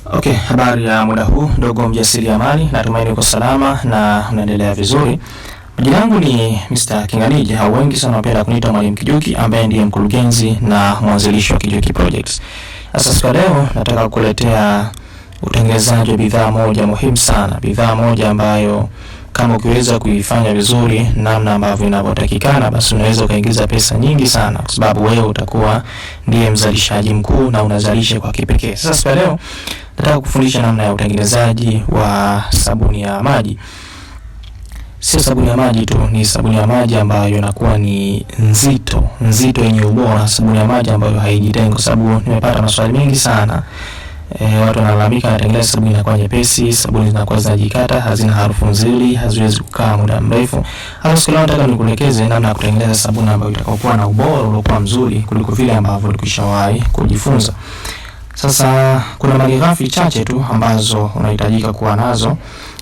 Okay, habari ya muda huu ndogo mjasiriamali, natumaini uko salama na unaendelea vizuri. Jina langu ni Mr. Kinganije au wengi sana wapenda kuniita Mwalimu Kijuki ambaye ndiye mkurugenzi na mwanzilishi wa Kijuki Projects. Sasa siku leo nataka kukuletea utengenezaji wa bidhaa moja muhimu sana, bidhaa moja ambayo kama ukiweza kuifanya vizuri namna ambavyo inavyotakikana, basi unaweza ukaingiza pesa nyingi sana, kwa sababu wewe utakuwa ndiye mzalishaji mkuu na unazalisha kwa kipekee. Sasa siku leo nataka kufundisha namna ya utengenezaji wa sabuni ya maji. Sio sabuni ya maji tu, ni sabuni ya maji ambayo inakuwa ni nzito nzito, yenye ubora, sabuni ya maji ambayo haijitengo, sababu nimepata maswali mengi sana E, watu wanalalamika wanatengeneza sabuni inakuwa nyepesi, sabuni zinakuwa zinajikata, hazina harufu nzuri, haziwezi kukaa muda mrefu. Hasa siku leo nataka nikuelekeze namna ya kutengeneza sabuni ambayo itakuwa na ubora uliokuwa mzuri kuliko vile ambavyo ulikwishawahi kujifunza. Sasa kuna malighafi chache tu ambazo unahitajika kuwa nazo,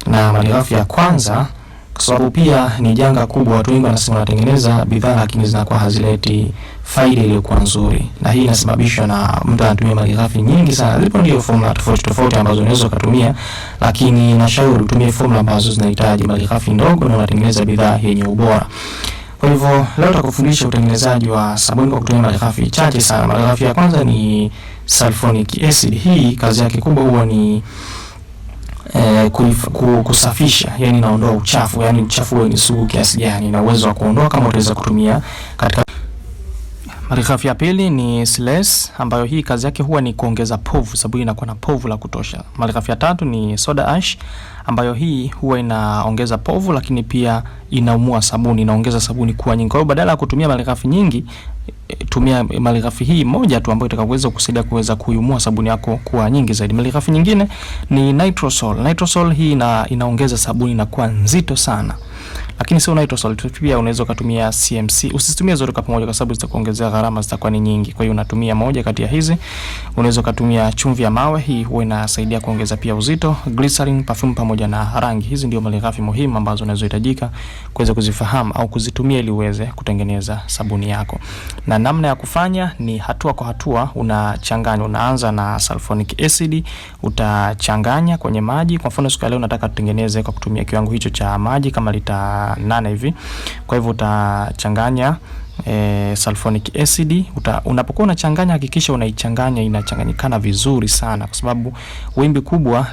na malighafi ya kwanza, kwa sababu pia ni janga kubwa. Watu wengi wanasema wanatengeneza bidhaa lakini zinakuwa hazileti faida iliyokuwa nzuri, na hii inasababishwa na mtu anatumia malighafi nyingi sana. Zipo ndio formula tofauti tofauti ambazo unaweza ukatumia, lakini nashauri utumie formula ambazo zinahitaji malighafi ndogo na unatengeneza bidhaa yenye ubora. Kwa hivyo leo tutakufundisha utengenezaji wa sabuni kwa kutumia malighafi chache sana. Malighafi ya kwanza ni sulfonic acid. Hii kazi yake kubwa huwa ni eh, kusafisha, yani inaondoa uchafu, yani uchafu huwe ni sugu kiasi gani, na uwezo wa kuondoa kama utaweza kutumia katika Malighafi ya pili ni silesi ambayo hii kazi yake huwa ni kuongeza povu, sababu inakuwa na povu la kutosha. Malighafi ya tatu ni soda ash ambayo hii huwa inaongeza povu, lakini pia inaumua sabuni, inaongeza sabuni kuwa nyingi. Kwa hiyo badala ya kutumia malighafi nyingi, eh, tumia malighafi hii moja tu ambayo itakuweza kusaidia kuweza kuiumua sabuni yako kuwa nyingi zaidi. Malighafi nyingine ni nitrosol. Nitrosol hii ina, inaongeza sabuni na kuwa nzito sana lakini sio unaitwa salt pia unaweza kutumia CMC. Usitumie zote kwa pamoja, kwa sababu zitakuongezea gharama, zitakuwa ni nyingi. Kwa hiyo unatumia moja kati ya hizi. Unaweza kutumia chumvi ya mawe, hii huwa inasaidia kuongeza pia uzito, glycerin, perfume pamoja na rangi. Hizi ndio malighafi muhimu ambazo unazohitajika kuweza kuzifahamu au kuzitumia ili uweze kutengeneza sabuni yako. Na namna ya kufanya ni hatua kwa hatua, unachanganya. Unaanza na sulfonic acid, utachanganya kwenye maji. Kwa mfano siku ya leo nataka tutengeneze kwa kutumia kiwango hicho cha maji kama lita nane hivi. Kwa hivyo utachanganya E, sulfonic acid unapokuwa unachanganya, hakikisha unaichanganya inachanganyikana vizuri sana, kwa sababu wimbi kubwa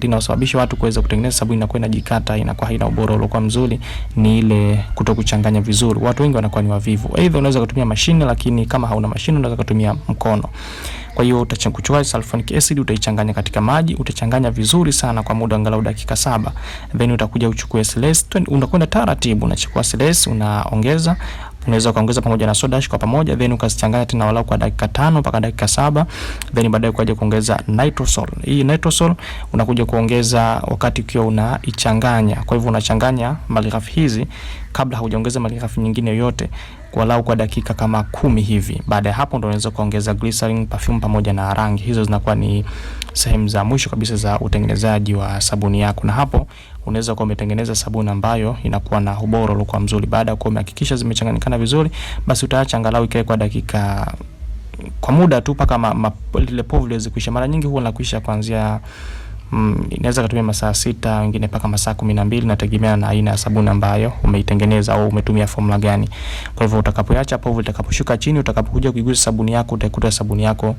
linawasababisha watu kuweza kutengeneza sabuni inakuwa inajikata, inakuwa haina ubora uliokuwa mzuri, ni ile kutokuchanganya vizuri. Watu wengi wanakuwa ni wavivu. Aidha, unaweza kutumia mashine, lakini kama hauna mashine, unaweza kutumia mkono. Kwa hiyo utachanganya sulfuric acid, utaichanganya katika maji, utachanganya vizuri sana kwa muda angalau dakika saba. Then utakuja uchukue SLS, unakwenda taratibu, unachukua SLS unaongeza unaweza ukaongeza pamoja na soda ash kwa pamoja, then ukazichanganya tena walau kwa dakika tano mpaka dakika saba. Then baadaye kuja kuongeza nitrosol. Hii nitrosol unakuja kuongeza wakati ukiwa unaichanganya. Kwa hivyo unachanganya malighafi hizi kabla haujaongeza malighafi nyingine yoyote walau kwa dakika kama kumi hivi. Baada ya hapo ndo unaweza kuongeza glycerin, perfume pamoja na rangi. Hizo zinakuwa ni sehemu za mwisho kabisa za utengenezaji wa sabuni yako, na hapo unaweza kuwa umetengeneza sabuni ambayo inakuwa na ubora uliokuwa mzuri. Baada ya kuwa umehakikisha zimechanganyikana vizuri, basi utaacha angalau ikae kwa dakika kwa muda tu mpaka lile povu liweze kuisha. Mara nyingi huwa nakuisha kuanzia mm, inaweza kutumia masaa sita wengine mpaka masaa kumi na mbili nategemea na aina ya sabuni ambayo umeitengeneza au umetumia formula gani. Kwa hivyo utakapoacha povu litakaposhuka chini, utakapokuja kuigusa sabuni yako utaikuta sabuni yako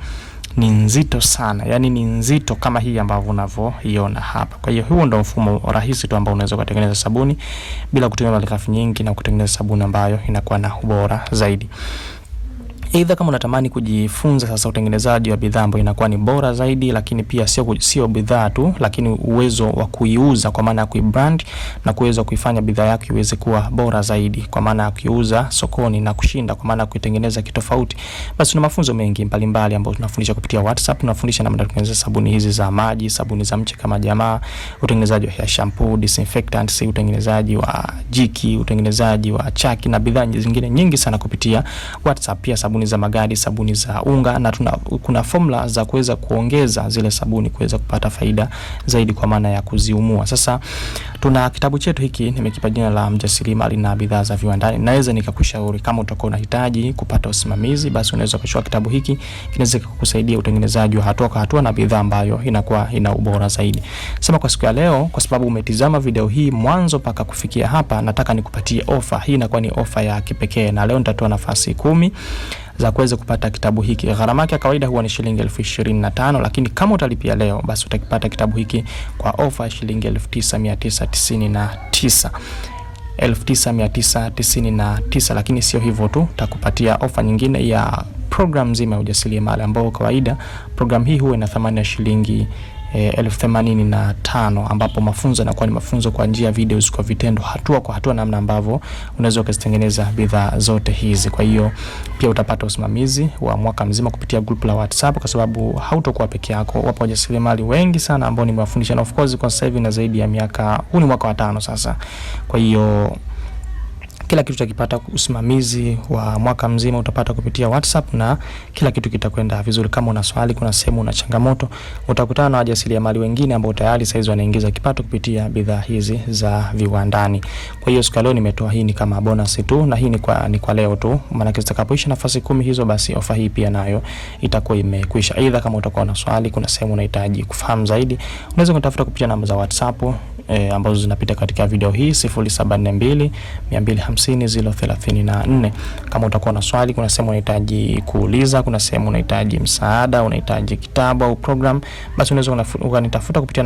ni nzito sana, yani ni nzito kama hii ambavyo unavyoiona hapa. Kwa hiyo huo ndio mfumo rahisi tu ambao unaweza kutengeneza sabuni bila kutumia malighafi nyingi na kutengeneza sabuni ambayo inakuwa na ubora zaidi. Aidha, kama unatamani kujifunza sasa utengenezaji wa bidhaa ambayo inakuwa ni bora zaidi, lakini pia sio sio bidhaa tu, lakini uwezo wa kuiuza kwa maana ya kuibrand na kuweza kuifanya bidhaa yako iweze kuwa bora zaidi kwa maana ya kuiuza sokoni na kushinda kwa maana ya kuitengeneza kitofauti, basi tuna mafunzo mengi mbalimbali ambayo tunafundisha kupitia WhatsApp. Tunafundisha namna ya kutengeneza sabuni hizi za maji, sabuni za mche kama jamaa, utengenezaji wa hair shampoo, disinfectants, utengenezaji wa jiki, utengenezaji wa chaki na bidhaa zingine nyingi sana kupitia WhatsApp. Pia sabuni sabuni za magadi, sabuni za unga na tuna, kuna formula za kuweza kuongeza zile sabuni kuweza kupata faida zaidi kwa maana ya kuziumua. Sasa Tuna kitabu chetu hiki nimekipa jina la Mjasiriamali na bidhaa za viwandani. Naweza nikakushauri kama utakuwa unahitaji kupata usimamizi, basi unaweza kuchukua kitabu hiki, kinaweza kukusaidia utengenezaji wa hatua kwa hatua na bidhaa ambayo inakuwa ina ubora zaidi. Sema kwa siku ya leo, kwa sababu umetizama video hii mwanzo paka kufikia hapa, nataka nikupatie ofa. Hii inakuwa ni ofa ya kipekee, na leo nitatoa nafasi kumi za kuweza kupata kitabu hiki. Gharama yake ya kawaida huwa ni shilingi elfu ishirini na tano lakini kama utalipia leo, basi utakipata kitabu hiki kwa ofa shilingi elfu tisa mia tisa 1999 lakini sio hivyo tu, takupatia ofa nyingine ya program nzima ya ujasiriamali, ambayo kawaida program hii huwa ina thamani ya shilingi Eh, elfu themanini na tano ambapo mafunzo yanakuwa ni mafunzo kwa njia ya videos kwa vitendo, hatua kwa hatua, namna ambavyo unaweza ukazitengeneza bidhaa zote hizi. Kwa hiyo pia utapata usimamizi wa mwaka mzima kupitia group la WhatsApp, kwa sababu hautakuwa peke yako. Wapo wajasiriamali wengi sana ambao nimewafundisha, na of course kwa sasa hivi na zaidi ya miaka, huu ni mwaka wa tano sasa, kwa hiyo kila kitu utakipata, usimamizi wa mwaka mzima utapata kupitia WhatsApp na kila kitu kitakwenda vizuri. Kama una swali, kuna sehemu una changamoto, utakutana na wajasiriamali wengine ambao tayari saizi wanaingiza kipato kupitia bidhaa hizi za viwandani. Kwa hiyo siku ya leo nimetoa hii ni kama bonus tu, na hii ni kwa, ni kwa leo tu, maana zitakapoisha nafasi kumi hizo, basi ofa hii pia nayo itakuwa imekwisha. Aidha, kama utakuwa na swali, kuna sehemu unahitaji kufahamu zaidi, unaweza kutafuta kupitia namba za WhatsApp e, ambazo zinapita katika video hii 0742 Kama utakuwa na swali, kuna sehemu unahitaji kuuliza, kuna sehemu unahitaji msaada, unahitaji kitabu au program, basi unaweza ukanitafuta kupitia